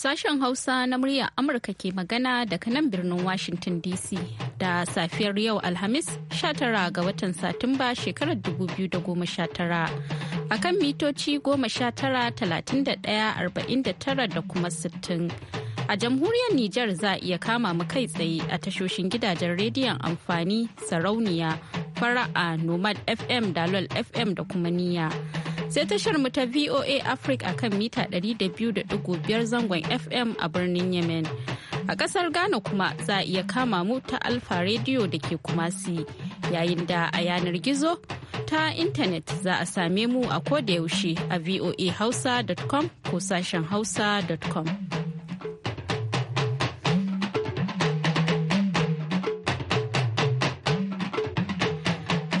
Sashen Hausa na muryar Amurka ke magana daga nan birnin Washington DC da safiyar yau Alhamis 19 ga watan Satumba shekarar 2019 a kan mitoci 19,31,49 da kuma 60. A jamhuriyar Nijar za iya kama mu kai tsaye a tashoshin gidajen rediyon amfani sarauniya fara'a nomad FM dalol FM da kuma niyya. sai tashar mu ta VOA Africa akan mita 200.5 zangon FM a birnin Yemen. A ƙasar Ghana kuma za a iya kama mu ta Alfa Radio da ke Kumasi yayin da a yanar gizo ta intanet za a same mu a yaushe a voahausa.com ko sashen hausa.com.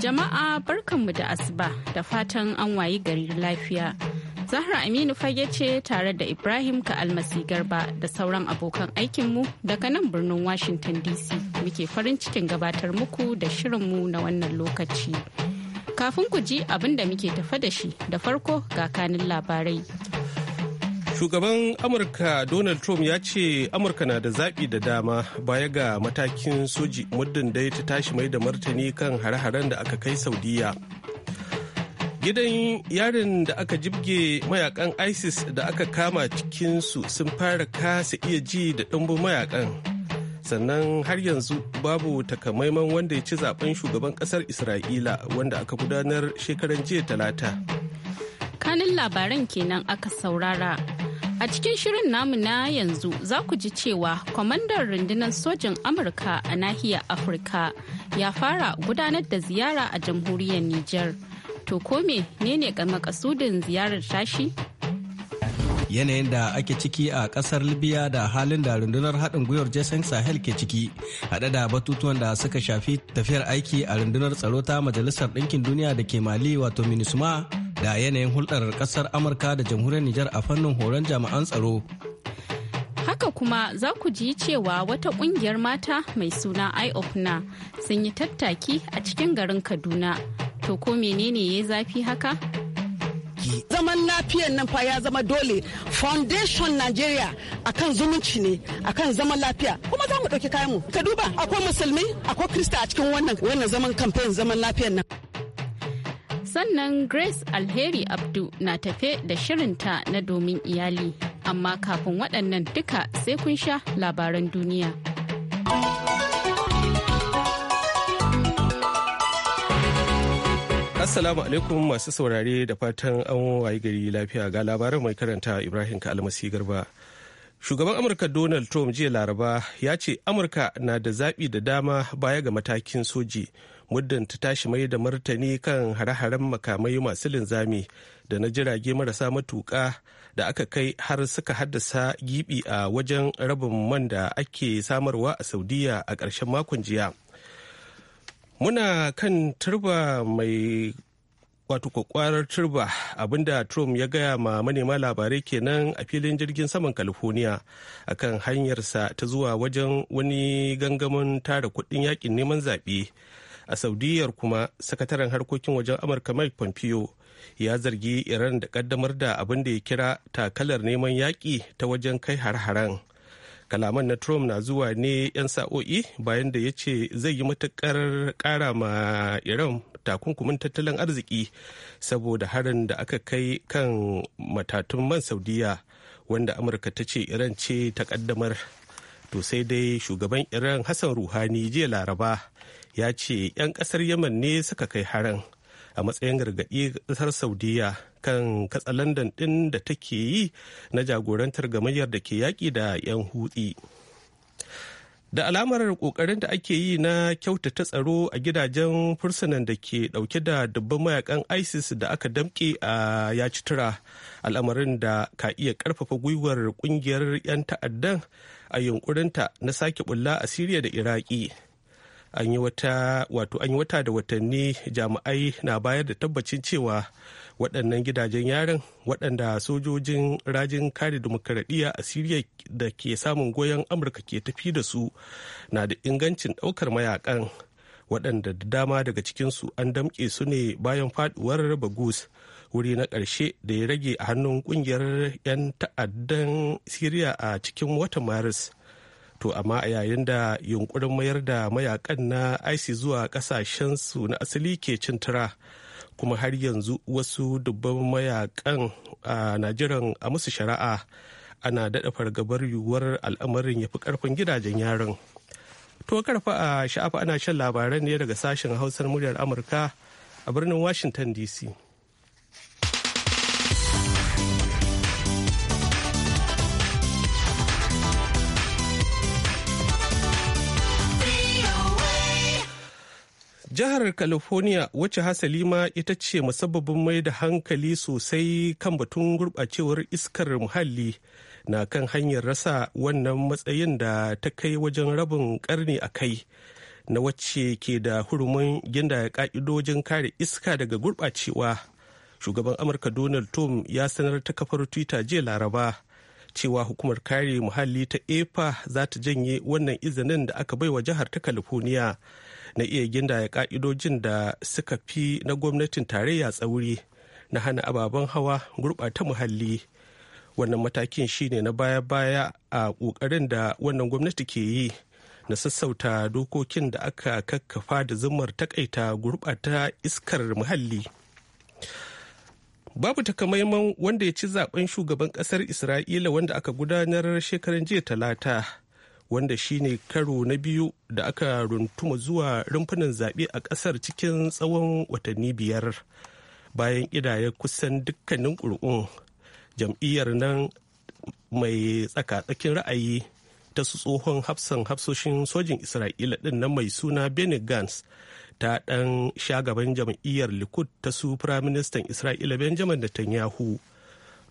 Jama'a barkanmu da asuba da fatan an wayi gari lafiya. Zahra Aminu fage ce tare da Ibrahim ka Almasi Garba da sauran abokan aikinmu daga nan birnin Washington DC muke farin cikin gabatar muku da shirinmu na wannan lokaci. Kafin ku ji abin da muke tafa da shi da farko ga kanin labarai. Shugaban Amurka Donald Trump ya ce Amurka na da zaɓi da dama baya ga matakin soji muddin dai ta tashi mai da martani kan hare-haren da aka kai Saudiya. Gidan yarin da aka jibge mayakan ISIS da aka kama cikinsu sun fara kasa iya ji da ɗumbin mayakan. sannan har yanzu babu takamaiman wanda ya ci zaben shugaban ƙasar isra'ila wanda aka gudanar shekaran jiya talata kanin labaran kenan aka saurara A cikin shirin namu na yanzu za ku ji cewa kwamandan rundunar sojin Amurka a nahiyar Afirka ya fara gudanar da ziyara a jamhuriyar Nijar. To kome ne ne makasudin ziyarar tashi? yanayin da ake ciki a kasar libya da halin da rundunar haɗin gwiwar jason sahel ke ciki haɗe da batutuwan da suka shafi tafiyar aiki a rundunar tsaro ta majalisar ɗinkin duniya da ke mali wato minisma da yanayin hulɗar ƙasar amurka da jamhuriyar nijar a fannin horon jami'an tsaro haka kuma za ku ji cewa wata ƙungiyar mata mai suna iofna sun yi tattaki a cikin garin kaduna to ko menene ya zafi haka zaman lafiyar nan fa ya zama dole foundation nigeria akan zumunci ne akan zaman lafiya kuma za mu ɗauki kayanmu ka duba akwai musulmi akwai krista a cikin wannan wannan zaman campaign zaman lafiyar nan sannan grace alheri abdu na tafe da shirinta na domin iyali amma kafin waɗannan duka sai kun sha labaran duniya assalamu alaikum masu saurare da fatan an wayi gari lafiya ga labaran mai karanta ibrahim kalmasi garba shugaban amurka donald trump jiya laraba ya ce amurka na da zaɓi da dama baya ga matakin soji muddin ta tashi mai da martani kan hare-haren makamai masu linzami da na jirage marasa matuka da aka kai har suka haddasa gibi a wajen rabin man da ake samarwa a saudiya a ƙarshen makon jiya muna kan turba mai wato kwakwarar turba abinda trump ya gaya ma manema labarai kenan a filin jirgin saman california akan hanyarsa ta zuwa wajen wani gangamin tara kudin yakin neman zaɓe a saudiyyar kuma sakataren harkokin wajen amurka mike pompeo ya zargi iran da kaddamar da abin da ya kira takalar neman yaƙi ta wajen kai har-haren kalaman na trump na zuwa ne 'yan sa'o'i bayan da ya ce zai yi matukar ƙara ma iran takunkumin tattalin arziki saboda harin da aka kai kan matatun man saudiya wanda amurka ta ce iran ce ta kaddamar to sai dai shugaban iran hassan ruhani jiya laraba ya ce 'yan kasar yaman ne suka kai harin a matsayin gargaɗi ƙasar saudiya kan katsalandan ɗin da take yi na jagorantar gamayyar da ke yaƙi da 'yan hutsi da alamar ƙoƙarin da ake yi na kyautata tsaro a gidajen fursunan da ke ɗauke da dubban mayakan isis da aka damƙe a tura al'amarin da ka iya ƙarfafa gwiwar ƙungiyar 'yan ta'addan a yunkurinta na sake bulla a siriya da iraki an yi wata wato an wata da watanni jami'ai na bayar da tabbacin cewa waɗannan gidajen yarin waɗanda sojojin rajin kare demokaradiyya a siriya da ke samun goyon amurka ke tafi da su na da ingancin ɗaukar mayakan waɗanda da dama daga cikinsu an damƙe su ne bayan faɗuwar bagus wuri na ƙarshe da ya rage a hannun ƙungiyar 'yan ta'addan siriya a cikin watan maris to amma a yayin da yunkurin mayar da mayakan na isis zuwa su na asali ke cin tura kuma har yanzu wasu dubban mayakan a najiran a musu shari'a ana daɗa fargabar yiwuwar al'amarin ya fi ƙarfin gidajen yaron to karfa a sha'afa ana shan labaran ne daga sashen hausar muryar amurka a birnin washington dc jihar california wacce hasali ma ita ce musabbabin mai da hankali sosai kan batun gurɓacewar iskar muhalli na kan hanyar rasa wannan matsayin da ta kai wajen rabin karni a kai na wacce ke da hurumin ginda ka'idojin kare iska daga gurɓacewa shugaban amurka donald trump ya sanar ta kafar twitter jiya laraba cewa hukumar kare muhalli ta epa za ta janye wannan izinin da aka baiwa jihar ta california na iya gindaya ka'idojin da suka fi na gwamnatin tarayya tsauri na hana ababen hawa gurɓata muhalli wannan matakin shine na baya-baya a ƙoƙarin da wannan gwamnati ke yi na sassauta dokokin da aka kakkafa da zumar takaita gurɓata iskar muhalli babu takamaiman wanda ya ci zaben shugaban ƙasar isra'ila wanda aka gudanar shekaran jiya talata wanda shine karo na biyu da aka runtuma zuwa rumfunan zaɓe a ƙasar cikin tsawon watanni biyar bayan ƙidaya kusan dukkanin ƙuri'un jam'iyyar nan mai tsaka-tsakin ra'ayi ta su tsohon hafsan hafsoshin sojin isra'ila ɗin nan mai suna benny Gans ta ɗan shagaban jam'iyyar likud ta su firaministan isra'ila benjamin netanyahu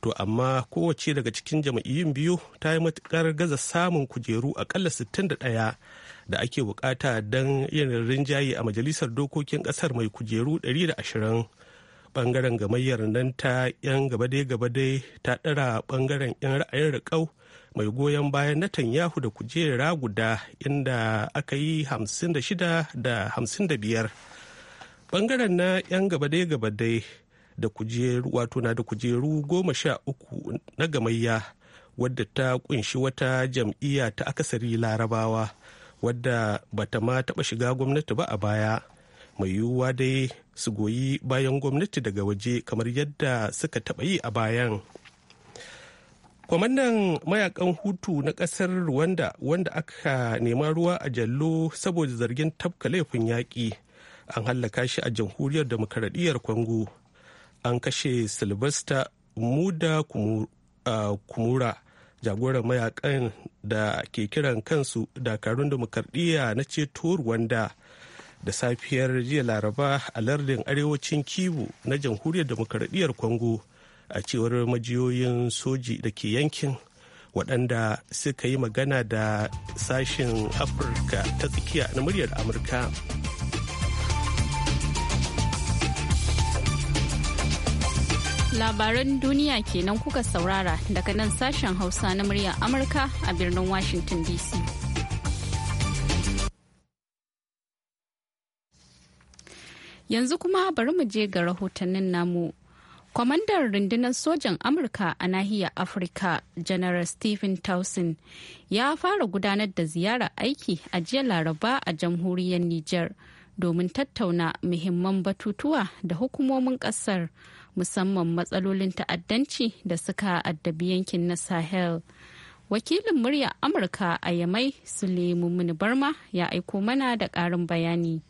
to amma kowace daga cikin jam'iyyun biyu ta yi matukar gaza samun kujeru akalla 61 da ake bukata don yin rinjaye a majalisar dokokin kasar mai kujeru 120 bangaren gamayyar nan ta 'yan gabadai-gabadai ta ɗara bangaren 'yan ra'ayin ƙau mai goyon bayan yahu da kujera guda inda aka yi 56 da 55 bangaren na 'yan gabadai-gabadai da kujeru wato na da kujeru goma sha uku na gamayya wadda ta kunshi wata jam'iyya ta akasari larabawa wadda bata ma taɓa shiga gwamnati ba a baya mai yiwuwa dai su goyi bayan gwamnati daga waje kamar yadda suka taɓa yi a bayan kwamannan mayakan hutu na kasar rwanda wanda aka nema ruwa a jallo saboda zargin tafka laifin yaƙi an hallaka shi a jamhuriyar demokaradiyyar kwango an kashe sylvester muda kumura jagoran mayakan da ke kiran kansu dakarun dimokuraɗiyya na ceto wanda da safiyar jiya laraba a lardin arewacin kibu na jamhuriyar demokuraɗiyyar congo a cewar majiyoyin soji da ke yankin waɗanda suka yi magana da sashen afirka ta tsakiya na muryar amurka Labaran duniya kenan kuka saurara daga nan sashen Hausa na muryar Amurka a birnin Washington DC. Yanzu kuma bari mu je ga rahotannin namu. Kwamandan rundunar sojan Amurka a nahiyar Afirka, General Stephen Towson, ya fara gudanar da ziyarar aiki a jiya Laraba a jamhuriyar Nijar. domin tattauna muhimman batutuwa da hukumomin kasar musamman matsalolin ta'addanci da suka addabi yankin na sahel wakilin muryar amurka a yamai mini barma ya aiko mana da karin bayani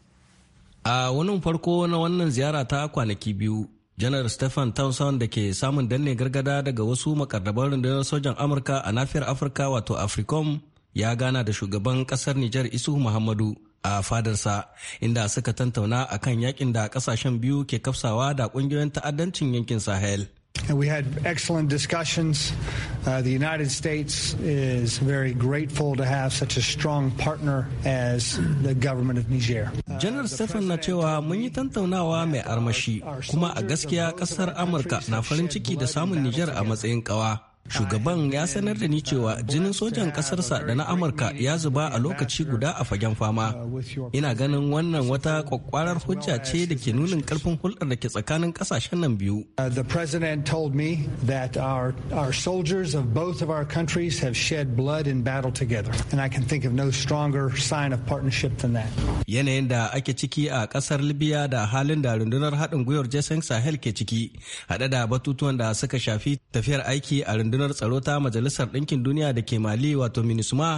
a wani farko na wannan ziyara ta kwanaki biyu janar stephen townsend da ke samun danne gargada daga wasu makarraban rundunar sojan amurka a nafiyar afirka wato africom ya gana da shugaban kasar nijar isu muhammadu a fadarsa inda suka tantauna a kan yakin da kasashen biyu ke kafsawa da kungiyoyin ta'addancin yankin sahel We had excellent discussions. Uh, the United States is very grateful to have such a strong partner as the government of Niger. Janar uh, Stefan na cewa mun yi tantaunawa mai armashi kuma a gaskiya kasar Amurka na farin ciki da samun Niger a matsayin kawa. shugaban ya sanar da ni cewa jinin sojan kasarsa da na amurka ya zuba a lokaci guda a fagen fama ina ganin wannan wata kwakwarar hujja ce da ke nunin karfin hulɗar da ke tsakanin kasashen nan biyu yanayin da ake ciki a kasar libya da halin da rundunar haɗin gwiwar jason sahel ke ciki haɗe da batutuwan da suka shafi tafiyar aiki a rundunar rundunar tsaro ta majalisar ɗinkin duniya da ke mali wato minisma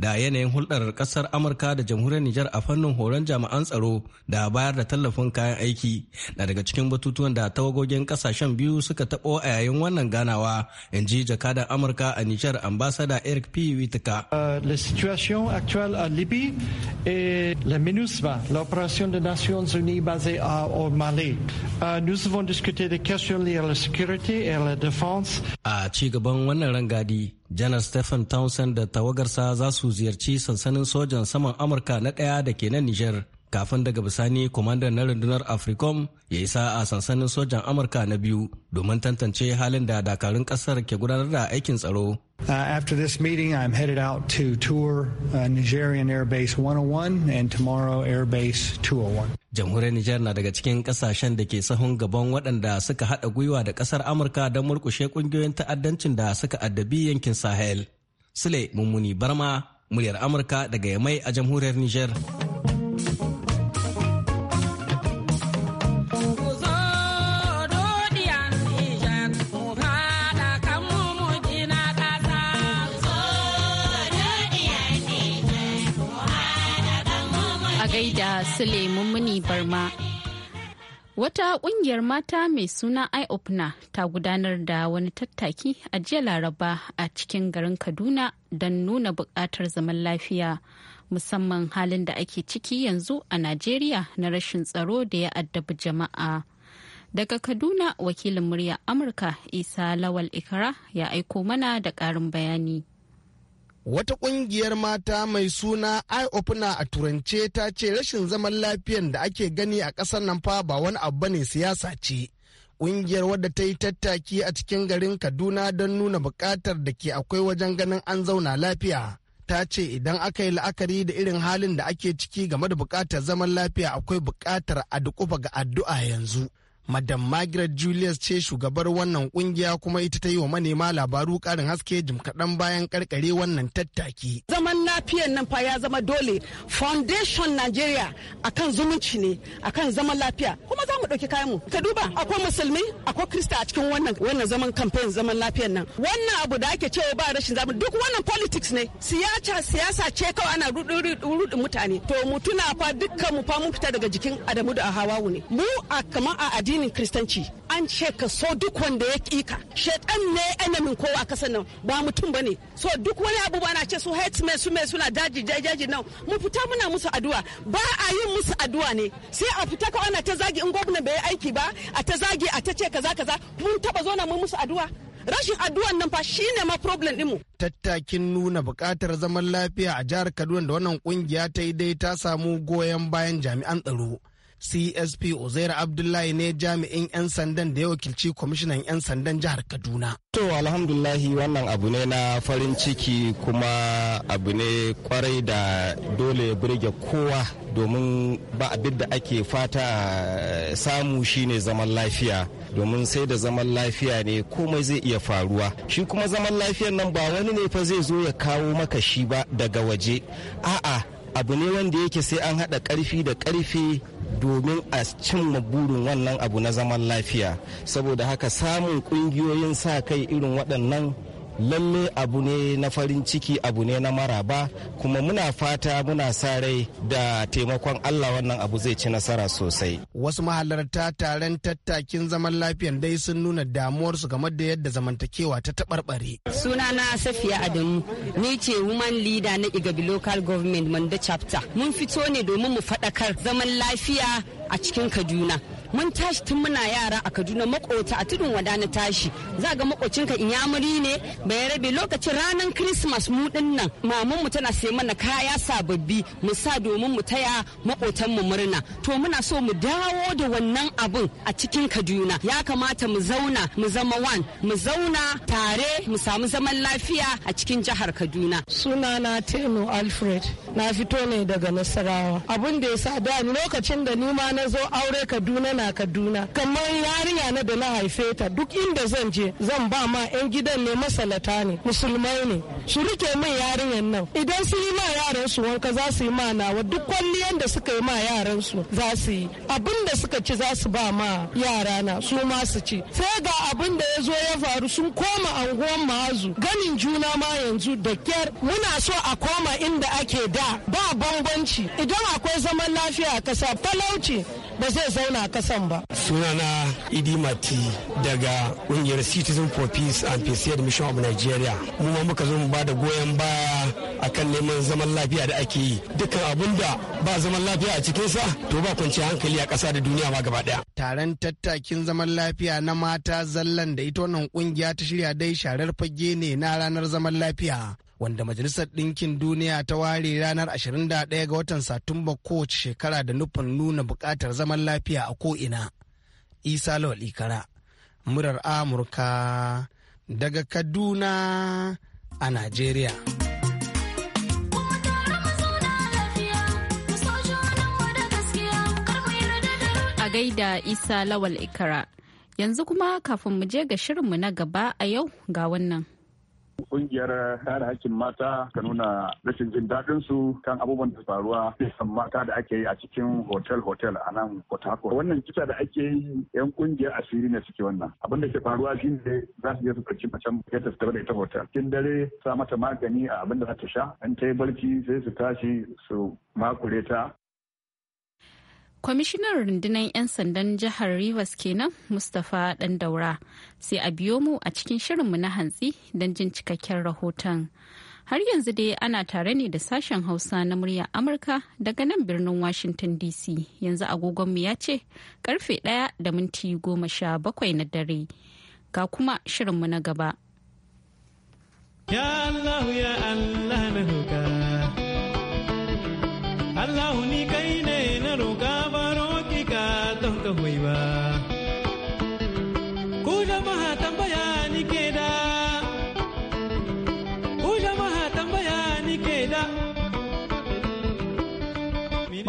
da yanayin hulɗar ƙasar amurka da jamhuriyar nijar a fannin horon jami'an tsaro da bayar da tallafin kayan aiki na daga cikin batutuwan da tawagogin ƙasashen biyu suka taɓo a yayin wannan ganawa in ji jakadan amurka a nijar ambasada eric p witika uh, la situation actuelle a libye et la minusma l'opération des nations unies basée à, au mali uh, nous avons discuté des questions a ci gaban wannan rangadi janar stephen townsend da tawagarsa za su ziyarci sansanin sojan saman amurka na ɗaya da ke nan niger. kafin daga bisani kwamandan na rundunar africom ya isa a sansanin sojan amurka na biyu domin tantance halin da dakarun kasar ke gudanar da aikin tsaro Uh, after this meeting, I'm headed out to tour uh, Nigerian Air Base 101 and tomorrow Air Base 201. Jamhuriyar Nijar na daga cikin kasashen da ke sahun gaban waɗanda suka haɗa gwiwa da ƙasar Amurka don murƙushe ƙungiyoyin ta'addancin da suka addabi yankin Sahel. Sule Mummuni Barma, muryar Amurka daga Yamai a Jamhuriyar Nijar. Suleiman Muni Barma. Wata kungiyar mata mai suna Eye ta gudanar da wani tattaki a jiya Laraba a cikin garin Kaduna don nuna buƙatar zaman lafiya, musamman halin da ake ciki yanzu a Najeriya na rashin tsaro da ya addabi jama'a. Daga Kaduna wakilin murya Amurka Isa Lawal Ikara ya aiko mana da ƙarin bayani. wata ƙungiyar mata mai suna eye a turance ta ce rashin zaman lafiyan da ake gani a ƙasar nan fa ba wani abu ne siyasa ce Ƙungiyar wadda ta yi tattaki a cikin garin kaduna don nuna buƙatar da ke akwai wajen ganin an zauna lafiya ta ce idan aka yi la'akari da irin halin da ake ciki game da buƙatar zaman lafiya akwai buƙatar a ga addu'a yanzu madam margaret julius ce shugabar wannan kungiya kuma ita ta yi wa manema labaru karin haske jim kaɗan bayan karkare wannan tattaki zaman lafiyan nan fa ya zama dole foundation nigeria akan zumunci ne akan zaman lafiya kuma za mu ɗauki mu. ka duba akwai musulmi akwai krista a cikin wannan wannan zaman campaign zaman lafiyan nan wannan abu da ake cewa ba rashin zaman duk wannan politics ne siyasa siyasa ce kawai ana rudin mutane to mu tuna fa dukkan mu fa mun fita daga jikin adamu da hawawu ne mu a kamar a addini addinin kristanci an ce ka so duk wanda ya kika shekan ne enemin kowa a kasan nan ba mutum bane so duk wani abubuwa na ce su hate me su me suna daji daji nan mu fita muna musu addu'a ba a yin musu addu'a ne sai a fita ka ana ta zagi in gwamnati bai aiki ba a ta zagi a ta ce kaza kaza mun taba zo na mu musu addu'a rashin addu'an nan fa shine ma problem mu Tattakin nuna buƙatar zaman lafiya a jihar Kaduna da wannan kungiya ta yi dai ta samu goyon bayan jami'an tsaro. CSP uzaira Abdullahi ne jami'in 'yan sandan da ya wakilci kwamishinan 'yan sandan jihar Kaduna. To alhamdulahi wannan abu ne na farin ciki kuma abu ne kwarai da dole ya burge kowa domin ba abin da ake fata eh, samu shine zaman lafiya domin sai da zaman lafiya ne komai zai iya faruwa shi kuma zaman lafiyan nan ba wani ne fa zai zo ya kawo maka shi ba daga waje a'a abu ne wanda yake sai an haɗa ƙarfi da ƙarfi domin a cimma burin wannan abu na zaman lafiya saboda haka samun ƙungiyoyin sa kai irin waɗannan lalle abu ne na farin ciki abu ne na maraba kuma muna fata muna sa rai da taimakon allah wannan abu zai ci nasara sosai wasu mahalarta taron tattakin zaman lafiyan dai sun nuna damuwar su game da yadda zamantakewa ta taɓarɓare sunana safiya adamu ni ce woman leader na igabi local government manda chapter mun fito ne domin mu faɗakar zaman lafiya a cikin kaduna mun tashi tun muna yara a kaduna makota a tudun wada na tashi za ga makocinka inyamuri ne bai rabe lokacin ranar christmas mu din nan mu tana sai mana kaya sababbi mu sa domin mu taya makotan mu murna to muna so mu dawo da wannan abun a cikin kaduna ya kamata mu zauna mu zama wan mu zauna tare mu samu zaman lafiya a cikin jihar kaduna suna na teno alfred na fito ne daga nasarawa abun da ya sa da lokacin da ni ma na zo aure kaduna na kaduna kamar yarinya na da na haife ta duk inda zan je zan ba ma 'yan gidan ne masalata ne musulmai ne su rike min yarinyar nan idan su yi ma yaran su wanka za su yi ma nawa duk kwalliyan da suka yi ma yaran su za su yi abin da suka ci za su ba ma yara na su ma su ci sai ga abin da ya zo ya faru sun koma anguwan mazu ganin juna ma yanzu da kyar muna so a koma inda ake da ba bambanci idan akwai zaman lafiya a kasa talauci ba zai zauna kasan ba sunana idi mati daga ƙungiyar citizen for peace and peace admission of nigeria mu ma muka zo mu ba da goyon baya akan neman zaman lafiya da ake yi dukkan abun da ba zaman lafiya a cikinsa to ba kwanciyar hankali a ƙasa da duniya ma gaba ɗaya. taron tattakin zaman lafiya na mata zallan da ita wannan kungiya ta shirya dai sharar fage ne na ranar zaman lafiya wanda majalisar ɗinkin duniya ta ware ranar 21 ga watan satumba kowace shekara da nufin nuna buƙatar zaman lafiya a ko'ina isa lawal ikara murar amurka daga kaduna a Najeriya. A gaida Isa Lawal Ikara. Yanzu kuma kafin mu je ga shirinmu na gaba a yau ga wannan. kungiyar kare hakkin mata ka nuna rashin jin daɗin su kan abubuwan da faruwa bisan mata da ake yi a cikin hotel hotel a nan kotako. Wannan kisa da ake yi yan kungiyar asiri ne suke wannan. Abin da ke faruwa shi ne za su je su ɗauki macen ya ta da ita hotel. Cikin dare sa mata magani a abin da za ta sha an ta yi barci sai su tashi su makure ta kwamishinan rundunar 'yan sandan jihar rivers kenan mustapha dan daura sai a biyo mu a cikin shirinmu na hantsi don jin cikakken rahoton har yanzu dai ana tare ne da sashen hausa na murya amurka daga nan birnin washington dc yanzu agogonmu ya ce karfe ɗaya da minti goma sha bakwai na dare ga kuma shirinmu na gaba allah ni kai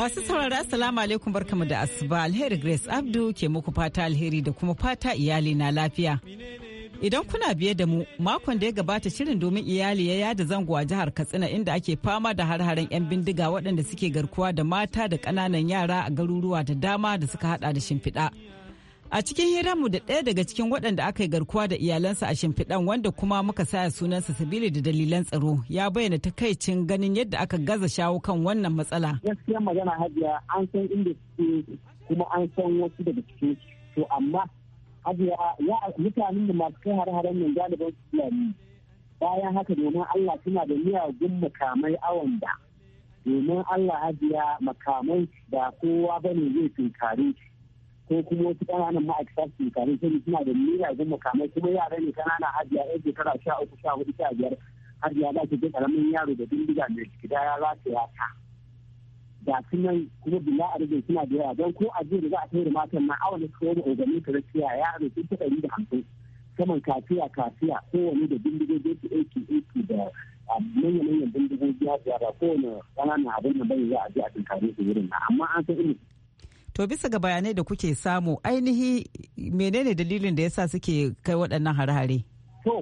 Masu saurara assalamu alaikum barkamu da asuba alheri Grace Abdu ke muku fata alheri da kuma fata iyali na lafiya. Idan kuna biye da mu makon da ya gabata shirin domin iyali ya yada zango a jihar Katsina inda ake fama da har-haren 'yan bindiga waɗanda suke garkuwa da mata da ƙananan yara a garuruwa da dama da suka hada da shimfiɗa. A cikin mu da ɗaya daga cikin waɗanda aka yi garkuwa da iyalansa a shimfiɗan wanda kuma muka saya sunansa sabili da dalilan tsaro ya bayyana takaicin ganin yadda aka gaza shawo kan wannan matsala. Gaskiya magana hajiya an san inda suke kuma an san wasu daga to amma hajiya mutanen da masu kai hare-haren nan galiban su fulani bayan haka domin Allah suna da miyagun makamai awon da domin Allah hajiya makamai da kowa bane zai tunkare shi ko kuma wasu ƙananan ma'aikata su kamin sani suna da miyagun makamai kuma yara ne ƙanana hajiya yan shekara sha uku sha huɗu sha biyar hajiya ba ki ga ƙaramin yaro da bindiga mai gida ya ya ta da su nan kuma bila a rage suna da yawa don ko a jiya da za a kai da matan ma awon suka da ogani ka rakiya yaro sun ta ɗari da hamsin saman kafiya kafiya kowane da zai su aiki aiki da ah, manya manyan bindigogi ya da kowane ƙananan abin da bai za a je a tunkare su wurin amma an san irin To bisa ga bayanai da kuke samu ainihi menene dalilin da yasa suke kai waɗannan hare-hare? To,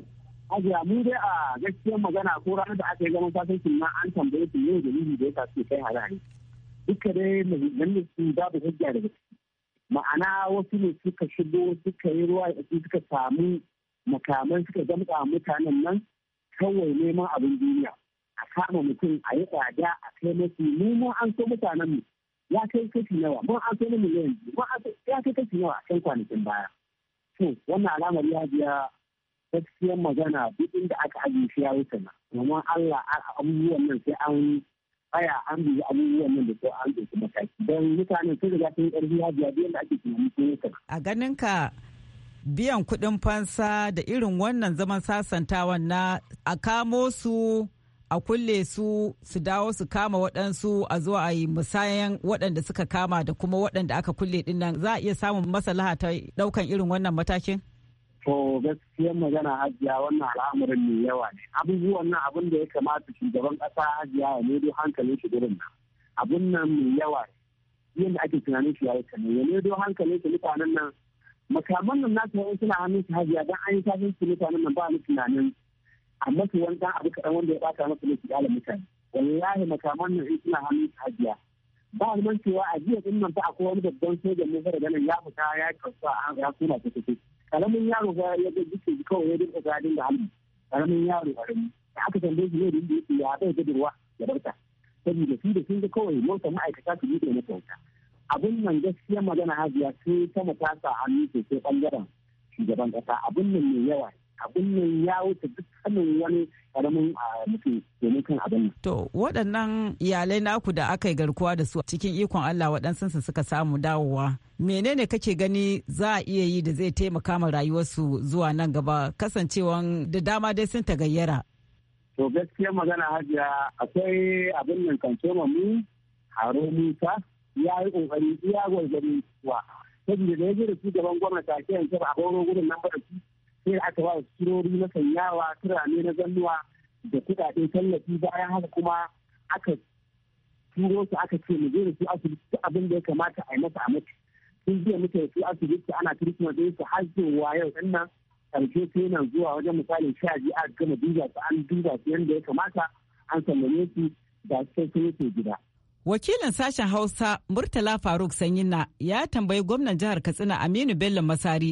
ajiya mu dai a gaskiyar magana ko ranar da aka yi zaman sasancin na an tambaye su yin dalili da yasa suke kai hare-hare. Duka dai ne su babu hujja da gaske. Ma'ana wasu ne suka shigo suka yi ruwa da suka samu makaman suka zama mutanen nan kawai neman abin duniya. A kama mutum a yi tsada a kai masu mu an so mutanen mu. ya kai kashi nawa mun an kai miliyan biyu mun ya kai kashi nawa a kan kwanakin baya to wannan alamar ya biya gaskiyar magana duk inda aka ajiye shi ya wuce na domin Allah abubuwan nan sai an tsaya an bi abubuwan nan da ko an dauki mataki don mutanen sun riga sun karbi ya biya biyan da ake tunani sun wuce a ganin ka biyan kuɗin fansa da irin wannan zaman sasantawan na a kamo su a kulle su su dawo su kama waɗansu a zuwa a yi musayan waɗanda suka kama da kuma waɗanda aka kulle ɗin nan za a iya samun masalaha ta ɗaukan irin wannan matakin? To gaskiyar magana hajiya wannan al'amarin mai yawa ne abubuwan nan abin da ya kamata shugaban ƙasa hajiya ya nedo hankalin shi gurin nan abin nan mai yawa ne yadda ake tunanin shi ya yi kane ya nedo hankalin shi mutanen nan makaman nan nasu yawan suna hannun shi hajiya don an yi tashin su mutanen nan ba ni tunanin a mafi wanda abu kaɗan wanda ya ɓata masa ne ala mutane wallahi makaman nan suna hannun hajiya ba a nan cewa a jiya din nan a akwai babban sojan ne fara ganin ya fita ya kasuwa a ya kuma ta tafi karamin yaro ga ya ga jikin kawai ya dinka ga da hannu karamin yaro karami da aka tambaye shi ne da yake ya bai da ruwa ya barta saboda shi da sun ga kawai motsa ma'aikata su bude na kyauta. abin nan gaskiya magana hajiya sai ta matasa hannu sosai bangaren shugaban ƙasa abun nan mai yawa abin ne ya wuce duk sanin wani karamin a ah, mutum domin kan abin nan. To waɗannan iyalai naku da aka yi garkuwa da su cikin ikon Allah su suka samu dawowa. Menene kake gani za a iya yi da zai taimaka ma rayuwarsu zuwa nan gaba kasancewan da dama dai sun tagayyara. To gaskiya magana hajiya akwai abin nan kan mu haro musa ya yi ƙoƙari iya gwargwarin kuwa. sabida da ya je da shugaban gwamnati a kiyan a horo gudun nan ba da sai aka ba kirori na sanyawa turare na zannuwa da kudaden tallafi bayan haka kuma aka turo su aka ce mu je da su asibiti abin da ya kamata a yi masa a mace sun jiya muke su asibiti ana kirkima da su har zuwa yau ɗan nan ƙarshe sai yana zuwa wajen misalin sha biyu a gama duba su an duba su yadda ya kamata an sallame su da sai sun yake gida. Wakilin sashen Hausa Murtala Faruk Sanyina ya tambayi gwamnan jihar Katsina Aminu Bello Masari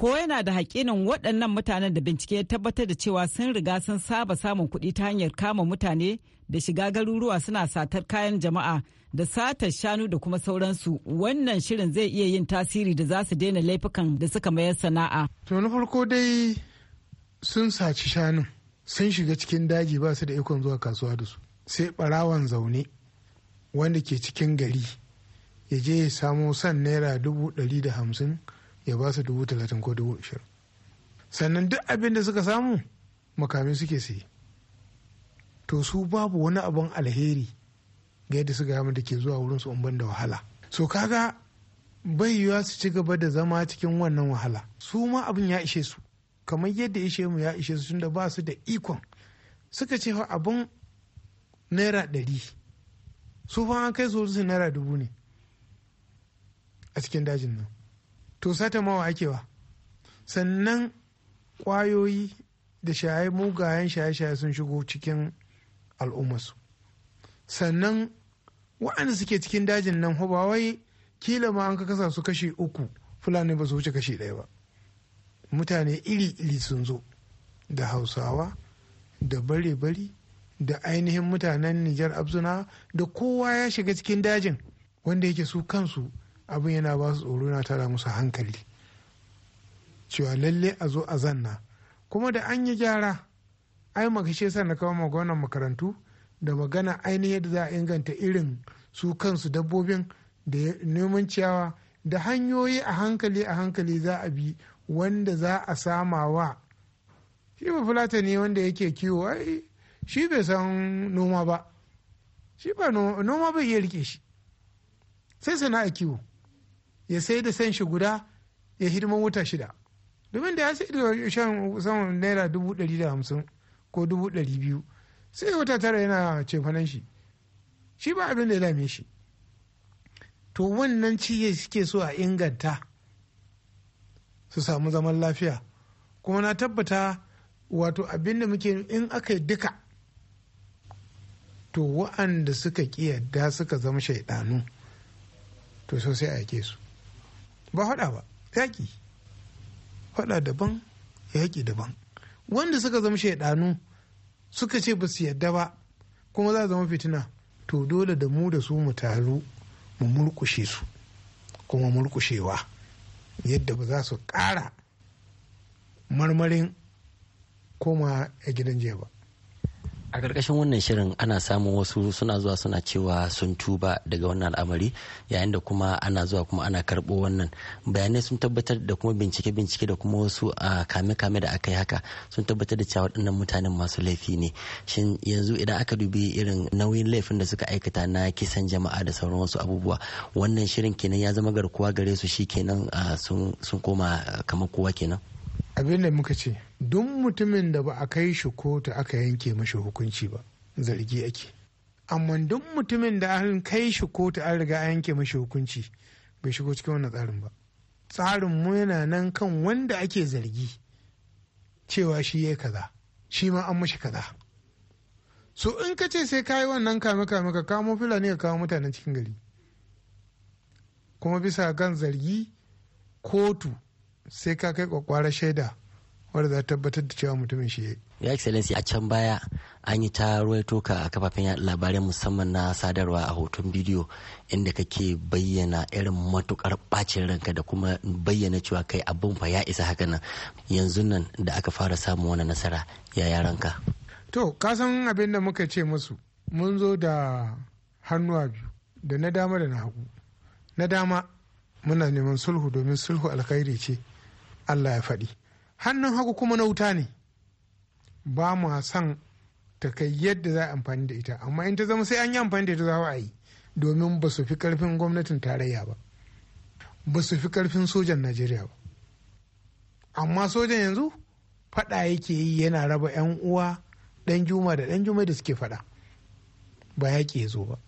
ko yana da haƙƙinin waɗannan mutanen da bincike ya tabbatar da cewa sun riga sun saba samun kuɗi ta hanyar kama mutane da shiga garuruwa suna satar kayan jama'a da satar shanu da kuma sauransu wannan shirin zai iya yin tasiri da za su daina laifukan da suka mayar sana'a. to na farko dai sun saci shanun sun shiga cikin daji ba su da ikon zuwa kasuwa da su sai barawan zaune wanda ke cikin gari ya je ya samo san naira dubu ɗari da hamsin ya ba su dubu talatin ko dubu ashirin sannan duk abin da suka samu makami suke sayi to su babu wani abin alheri ga yadda su gama da ke zuwa wurin su umban da wahala so kaga bai yiwuwa su ci gaba da zama cikin wannan wahala su ma abin ya ishe su kamar yadda ishe mu ya ishe su tunda ba su da ikon suka ce fa abin naira ɗari su fa an kai su naira dubu ne a cikin dajin nan to sata mawa ba sannan kwayoyi da shaye mugayen shaye-shaye sun shigo cikin al'ummasu sannan waɗanda suke cikin dajin nan hobawai wai kila ma an ka kasa su kashe uku fulani ba su wuce kashe ɗaya ba mutane iri-iri sun zo da hausawa da bare-bari da ainihin mutanen nijar abzuna da kowa ya shiga cikin dajin wanda yake su kansu abin yana ba su tsoro yana tara musu hankali cewa lalle a zo a zanna kuma da an yi gyara ai makashe sa na kawo maganar makarantu da magana ainihin yadda za a inganta irin su kansu dabbobin da neman ciyawa da hanyoyi a hankali a hankali za a bi wanda za a sama shi ba fulata ne wanda yake kiwo ai shi bai san noma ba shi ba noma bai iya rike shi sai a kiwo ya sai da san shi guda ya hidima wuta shida domin da ya sai da shan saman naira dubu ɗari da hamsin ko dubu ɗari biyu sai wata tara yana cefanen shi shi ba abin da ya dame shi to wannan ciye suke so a inganta su samu zaman lafiya kuma na tabbata wato abin da muke in aka yi duka to wa'anda suka yarda suka zama shaidanu to so a yake su ba faɗa ba yaƙi faɗa daban yaƙi daban wanda suka zama shaidanu suka ce ba su yadda ba kuma za zama fitina to dole da mu da su mu taru mu murkushe su kuma murkushewa yadda ba za su kara marmarin koma a gidan jiya ba a karkashin wannan shirin ana samun wasu suna zuwa suna cewa sun tuba daga wannan al'amari yayin da kuma ana zuwa kuma ana karɓo wannan bayanai sun tabbatar da kuma bincike bincike da kuma wasu a kame kame da aka yi haka sun tabbatar da cewa waɗannan mutanen masu laifi ne shin yanzu idan aka dubi irin nauyin laifin da suka aikata na kisan jama'a da sauran wasu abubuwa wannan shirin kenan ya zama garkuwa gare su shi kenan sun koma kamar kowa kenan abin da muka ce duk mutumin da ba a kai shi kotu aka yanke mashi hukunci ba zargi ake amma duk mutumin da an kai shi kotu an riga an yanke mashi hukunci bai shigo cikin wannan tsarin ba tsarin mu yana nan kan wanda ake zargi cewa shi ya kaza shi ma an mashi kaza so in ka ce sai kayi wannan kame kame ka kamo fulani ka kawo mutanen cikin gari kuma bisa kan zargi kotu sai ka kai kwakwara shaida wadda za tabbatar da cewa mutumin shi ya ya excellency a can baya an yi ta ruwaito ka a kafafen yaɗa labarai musamman na sadarwa a hoton bidiyo inda kake bayyana irin matukar bacin ranka da kuma bayyana cewa kai abin fa ya isa haka nan yanzu nan da aka fara samun wani nasara ya yaranka to ka san abin da muka ce musu mun zo da hannuwa biyu da na dama da na hagu na dama muna neman sulhu domin sulhu alkhairi ce Allah ya faɗi hannun hagu kuma na wuta ne ba mu son ta kai yadda za a amfani da ita amma in ta zama sai an yi amfani da ita za a yi domin ba su fi karfin gwamnatin tarayya ba ba su fi karfin sojan najeriya ba amma sojan yanzu faɗa yake yi yana raba 'yan uwa ɗan juma da ɗan juma da suke faɗa ba yaƙi ya zo ba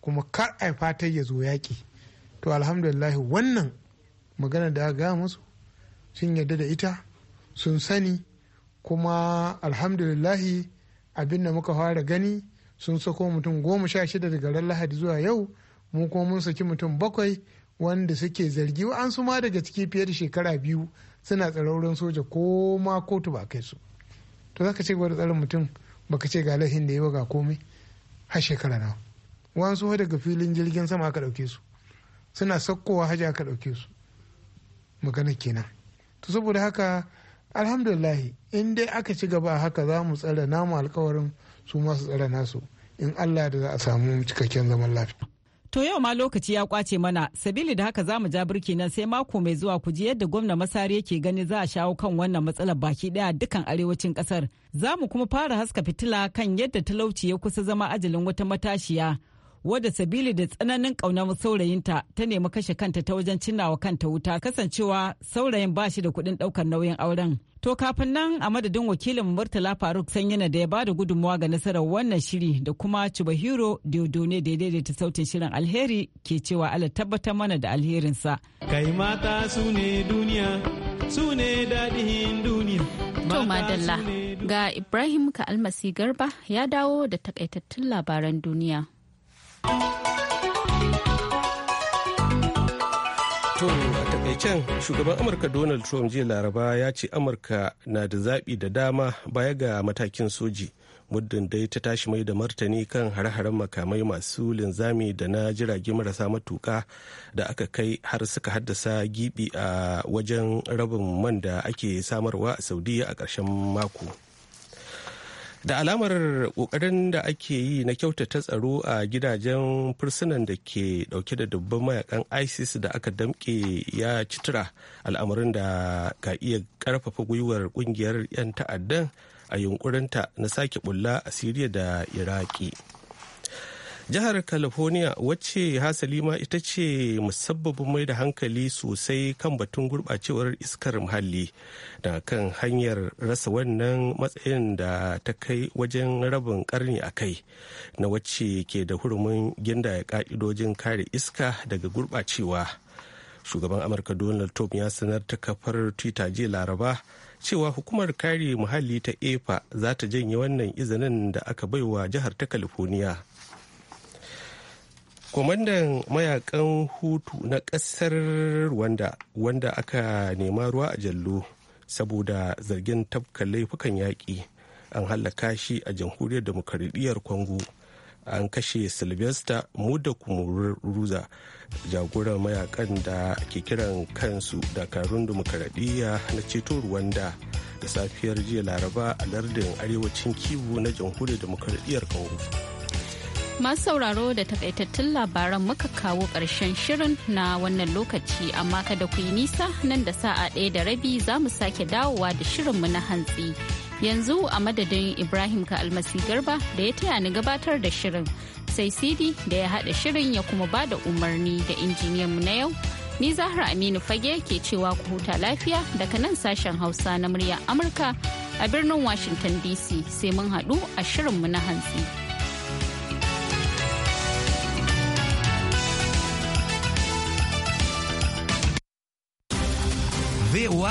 kuma kar a fatan ya zo yaƙi to alhamdulillah wannan magana da aka gaya musu sun yarda da ita sun sani kuma alhamdulillahi abinda muka fara gani sun sako mutum goma sha shida daga ran lahadi zuwa yau mu kuma mun saki mutum bakwai wanda suke zargi an su ma daga ciki fiye da shekara biyu suna tsarauran soja ko ma kotu ba kai su to zaka ce gwada tsarin mutum baka ce ga lahin da yawa ga komai har shekara nawa wasu daga filin jirgin sama aka ɗauke su suna sakkowa haja aka ɗauke su magana kenan to saboda haka alhamdulillahi in dai aka ci gaba haka za mu tsara namu alkawarin su masu tsara nasu in allah da za a samu cikakken zaman lafiya To yau ma lokaci ya kwace mana, sabili da haka za mu ja birki nan sai mako mai zuwa ku ji yadda gwamna Masari yake gani za a shawo kan wannan matsalar baki daya dukan arewacin kasar. Za mu kuma fara haska fitila kan yadda talauci ya kusa zama ajalin wata matashiya wadda sabili da tsananin kaunar saurayinta ta nemi kashe kanta ta wajen cinnawa kanta wuta kasancewa saurayin ba shi da kuɗin ɗaukar nauyin auren. To kafin nan a madadin wakilin Murtala Faruk Sanyina da ya ba da gudunmuwa ga nasarar wannan shiri da kuma Chubahiro Diodone da ya daidaita sautin shirin alheri ke cewa ala tabbatar mana da alherinsa. Kai mata su ne duniya, su ne daɗin duniya. To madalla ga Ibrahim ka almasi Garba ya dawo da takaitattun labaran duniya. To a takaicen shugaban Amurka Donald Trump jiya Laraba ya ce Amurka na da zaɓi da dama baya ga matakin soji. Muddin dai ta tashi mai da martani kan hare-haren makamai masu linzami da na jirage marasa matuka da aka kai har suka haddasa gibi a wajen rabin man da ake samarwa a Saudiya a ƙarshen mako. da alamar kokarin da ake yi na kyautata tsaro a gidajen fursunan da ke dauke da dubban mayakan isis da aka damke ya citira al'amarin da ka iya karfafa gwiwar kungiyar 'yan ta'addan a yunkurinta na sake bulla a siriya da iraki jihar california wacce hasali ma ita ce musabbabin mai da hankali sosai kan batun gurɓacewar iskar muhalli da kan hanyar rasa wannan matsayin da ta kai wajen rabin karni a kai na wacce ke da hurumin ginda ka'idojin kare iska daga gurɓacewa shugaban amurka donald trump ya sanar ta kafar twitter jiya laraba cewa hukumar kare muhalli ta epa za ta janye wannan izinin da aka baiwa jihar ta california kwamandan mayakan hutu na kasar rwanda wanda aka nema ruwa a jallo saboda zargin tafka laifukan yaƙi an hallaka shi a jamhuriyar demokradiyyar congo an kashe sylvester muda ruza jagoran mayakan da ke kiran kansu dakarun demokradiyya na ceto rwanda da safiyar jiya laraba a lardin arewacin kivu na jamhuriyar demokradiyyar congo Masu sauraro da takaitattun labaran muka kawo ƙarshen shirin na wannan lokaci amma kada ku yi nisa nan da sa'a ɗaya da rabi za mu sake dawowa da shirinmu na hantsi. Yanzu a madadin Ibrahim ka almasi garba da ya taya ni gabatar da shirin sai sidi da ya haɗa shirin ya kuma ba da umarni da injiniyanmu na yau. Ni Zahra Aminu Fage ke cewa ku huta lafiya daga nan sashen Hausa na muryar Amurka a birnin Washington DC sai mun haɗu a shirinmu na hantsi.